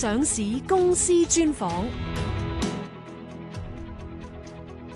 上市公司專訪。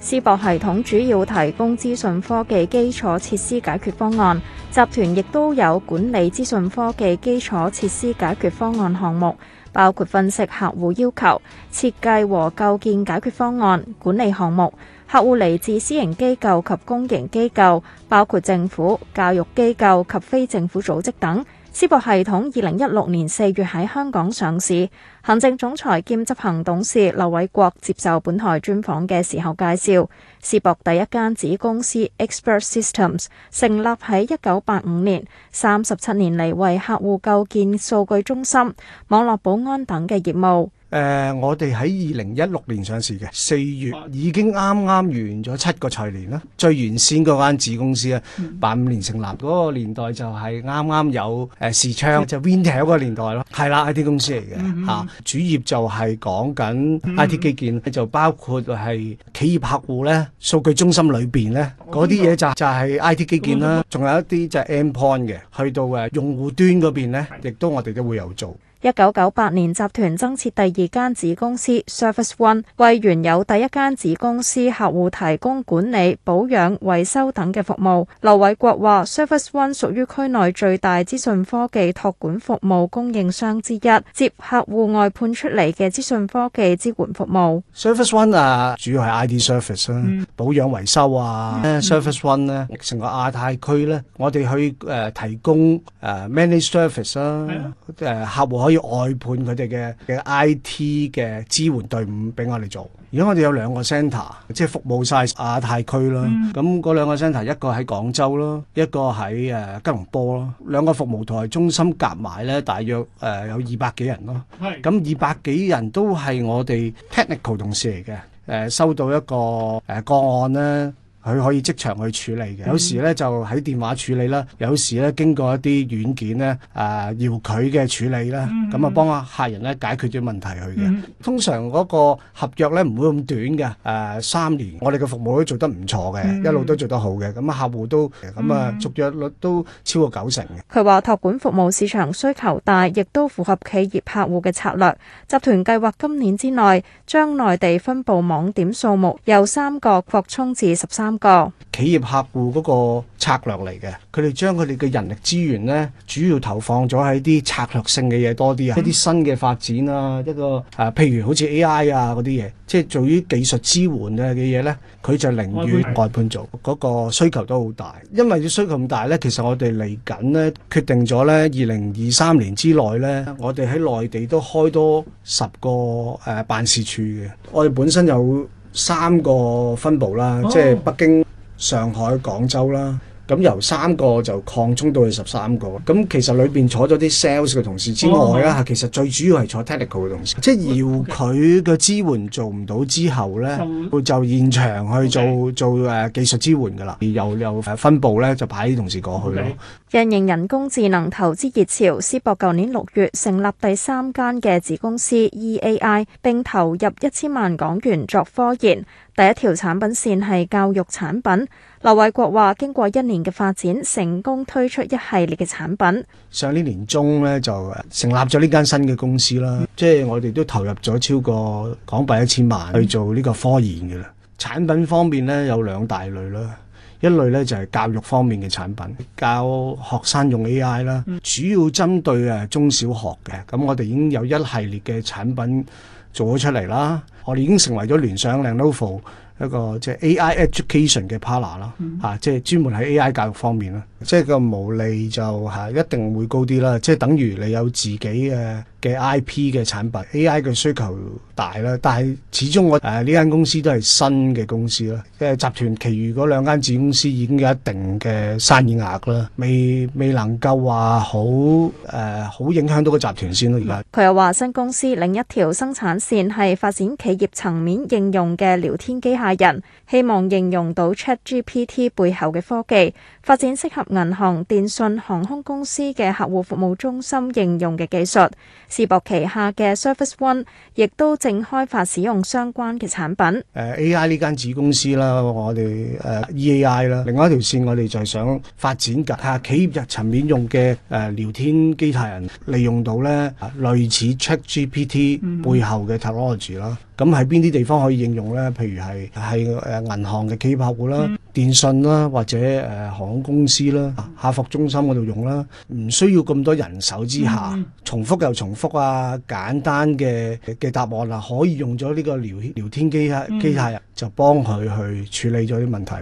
思博系統主要提供資訊科技基礎設施解決方案，集團亦都有管理資訊科技基礎設施解決方案項目，包括分析客戶要求、設計和構建解決方案、管理項目。客戶嚟自私營機構及公營機構，包括政府、教育機構及非政府組織等。思博系統二零一六年四月喺香港上市。行政總裁兼執行董事劉偉國接受本台專訪嘅時候介紹，思博第一間子公司 Expert Systems 成立喺一九八五年，三十七年嚟為客戶構建數據中心、網絡保安等嘅業務。誒，我哋喺二零一六年上市嘅，四月已經啱啱完咗七個財年啦。最原先嗰間子公司啊，八五年成立，嗰個年代就係啱啱有誒視窗，就 Wintel 嗰個年代咯。係啦，I T 公司嚟嘅嚇，主業就係講緊 I T 基建，就包括係企業客戶咧、數據中心裏邊咧，嗰啲嘢就就係 I T 基建啦。仲有一啲就係 M Point 嘅，去到誒用戶端嗰邊咧，亦都我哋都會有做。一九九八年，集團增設第二間子公司 Service One，為原有第一間子公司客戶提供管理、保養、維修等嘅服務。劉偉國話 Service One 屬於區內最大資訊科技託管服務供應商之一，接客戶外判出嚟嘅資訊科技支援服務。Service One 啊，主要係 ID service、嗯保養維修啊，service one 咧，成個亞太區咧，我哋去誒提供誒 managed service 啊，誒客戶可以外判佢哋嘅嘅 IT 嘅支援隊伍俾我哋做。而家我哋有兩個 centre，即係服務曬亞太區啦。咁嗰兩個 centre，一個喺廣州咯，一個喺誒吉隆坡咯。兩個服務台中心夾埋咧，大約誒有二百幾人咯。係。咁二百幾人都係我哋 technical 同事嚟嘅。誒收到一個誒、呃、個案呢。佢可以即場去處理嘅，有時咧就喺電話處理啦；有時咧經過一啲軟件咧，誒、呃、遙距嘅處理啦，咁啊幫啊客人咧解決咗問題去嘅。嗯、通常嗰個合約咧唔會咁短嘅，誒、呃、三年。我哋嘅服務都做得唔錯嘅，嗯、一路都做得好嘅，咁啊客戶都咁啊、嗯、續約率都超過九成嘅。佢話託管服務市場需求大，亦都符合企業客戶嘅策略。集團計劃今年之內將內地分佈網點數目由三個擴充至十三。個企業客戶嗰個策略嚟嘅，佢哋將佢哋嘅人力資源咧，主要投放咗喺啲策略性嘅嘢多啲啊，嗯、一啲新嘅發展啊，一個啊、呃，譬如好似 AI 啊嗰啲嘢，即係做於技術支援嘅嘢呢，佢就寧願外判做，嗰個需求都好大。因為要需求咁大呢，其實我哋嚟緊咧決定咗呢，二零二三年之內呢，我哋喺內地都開多十個誒、呃、辦事處嘅。我哋本身有。三個分部啦，哦、即係北京、上海、廣州啦。咁由三個就擴充到去十三個，咁其實裏邊坐咗啲 sales 嘅同事之外啊，其實最主要係坐 technical 嘅同事，即係要佢嘅支援做唔到之後咧，佢就現場去做做誒技術支援噶啦，而又又分部咧就派啲同事過去咯。人形人工智能投資熱潮，思博舊年六月成立第三間嘅子公司 EAI，並投入一千萬港元作科研。第一條產品線係教育產品。劉偉國話：經過一年嘅發展成功推出一系列嘅產品。上年年中咧就成立咗呢間新嘅公司啦，嗯、即係我哋都投入咗超過港幣一千萬去做呢個科研嘅啦。產品方面咧有兩大類啦，一類咧就係、是、教育方面嘅產品，教學生用 AI 啦、嗯，主要針對誒中小學嘅。咁我哋已經有一系列嘅產品做咗出嚟啦，我哋已經成為咗聯想 Lenovo。一個即係 A.I. education 嘅 partner 啦、嗯，嚇、啊、即、就、係、是、專門喺 A.I. 教育方面啦，即、就、係、是、個毛利就嚇、啊、一定會高啲啦，即、就、係、是、等於你有自己嘅啊嘅 I.P. 嘅產品，A.I. 嘅需求大啦，但係始終我誒呢間公司都係新嘅公司啦，即、呃、係集團其餘嗰兩間子公司已經有一定嘅生意額啦，未未能夠話好誒、呃、好影響到個集團先咯，而家佢又話新公司另一條生產線係發展企業層面應用嘅聊天機械人，希望應用到 ChatGPT 背後嘅科技，發展適合銀行、電信、航空公司嘅客戶服務中心應用嘅技術。思博旗下嘅 Surface One 亦都正開發使用相關嘅產品。誒、uh, AI 呢間子公司啦，我哋誒、uh, EAI 啦，另外一條線我哋就係想發展㗎，喺企業入層面用嘅誒、uh, 聊天機械人，利用到咧類似 ChatGPT 背後嘅 technology 啦。咁喺邊啲地方可以應用咧？譬如係係誒銀行嘅客戶啦、電信啦，或者誒航空公司啦、客服中心嗰度用啦，唔需要咁多人手之下，重複又重複啊，簡單嘅嘅答案啊，可以用咗呢個聊聊天機器機械啊，就幫佢去處理咗啲問題，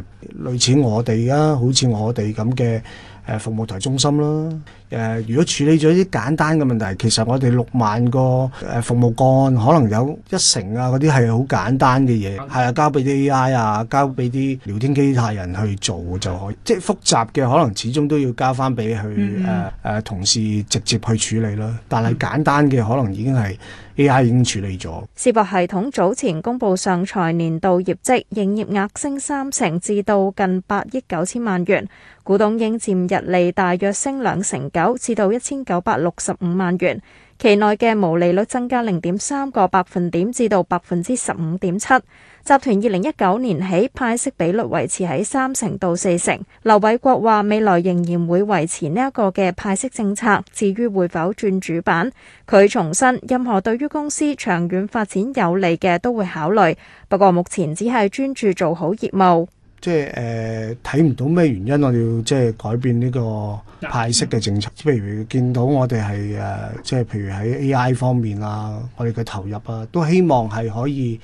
類似我哋啊，好似我哋咁嘅。誒服務台中心啦，誒、呃、如果處理咗啲簡單嘅問題，其實我哋六萬個誒、呃、服務個案可能有一成啊，嗰啲係好簡單嘅嘢，係、嗯、啊交俾啲 AI 啊，交俾啲聊天機械人去做就可以，即係複雜嘅可能始終都要交翻俾佢誒誒同事直接去處理啦。但係簡單嘅可能已經係。A.I. 已經處理咗。思博系統早前公布上財年度業績，營業額升三成，至到近八億九千萬元。股東應佔溢利大約升兩成九，至到一千九百六十五萬元。期內嘅毛利率增加零點三個百分點至到百分之十五點七。集團二零一九年起派息比率維持喺三成到四成。劉偉國話：未來仍然會維持呢一個嘅派息政策。至於會否轉主板，佢重申任何對於公司長遠發展有利嘅都會考慮。不過目前只係專注做好業務。即係誒睇唔到咩原因我，我哋要即係改變呢個派息嘅政策。譬如見到我哋係誒，即係譬如喺 AI 方面啊，我哋嘅投入啊，都希望係可以誒、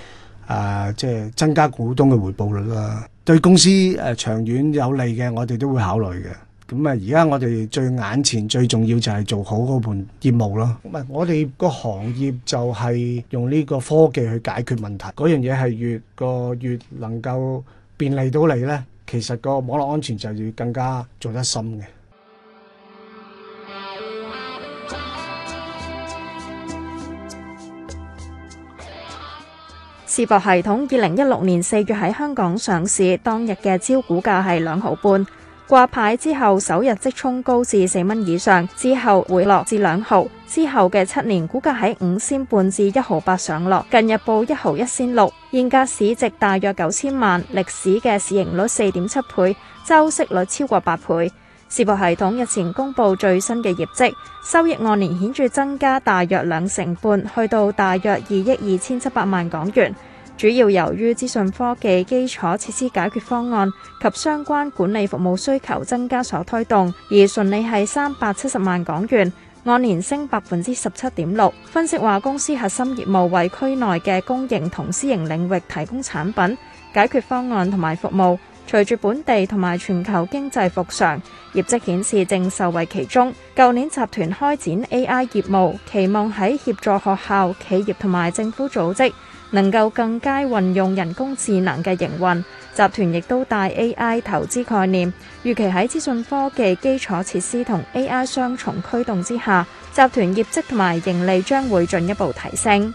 呃，即係增加股東嘅回報率啦、啊，對公司誒、呃、長遠有利嘅，我哋都會考慮嘅。咁啊，而家我哋最眼前最重要就係做好嗰盤業務咯。唔係，我哋個行業就係用呢個科技去解決問題。嗰樣嘢係越個越能夠。便利到你呢，其實個網絡安全就要更加做得深嘅。思博系統二零一六年四月喺香港上市，當日嘅招股價係兩毫半。掛牌之後首日即沖高至四蚊以上，之後回落至兩毫，之後嘅七年股價喺五仙半至一毫八上落，近日報一毫一仙六，現價市值大約九千萬，歷史嘅市盈率四點七倍，周息率，率超過八倍。思博系統日前公布最新嘅業績，收益按年顯著增加大約兩成半，去到大約二億二千七百萬港元。主要由於資訊科技基礎設施解決方案及相關管理服務需求增加所推動，而純利係三百七十萬港元，按年升百分之十七點六。分析話公司核心業務為區內嘅公營同私營領域提供產品、解決方案同埋服務。隨住本地同埋全球經濟復常，業績顯示正受惠其中。舊年集團開展 AI 業務，期望喺協助學校、企業同埋政府組織，能夠更加運用人工智能嘅營運，集團亦都帶 AI 投資概念，預期喺資訊科技基礎設施同 AI 雙重驅動之下，集團業績同埋盈利將會進一步提升。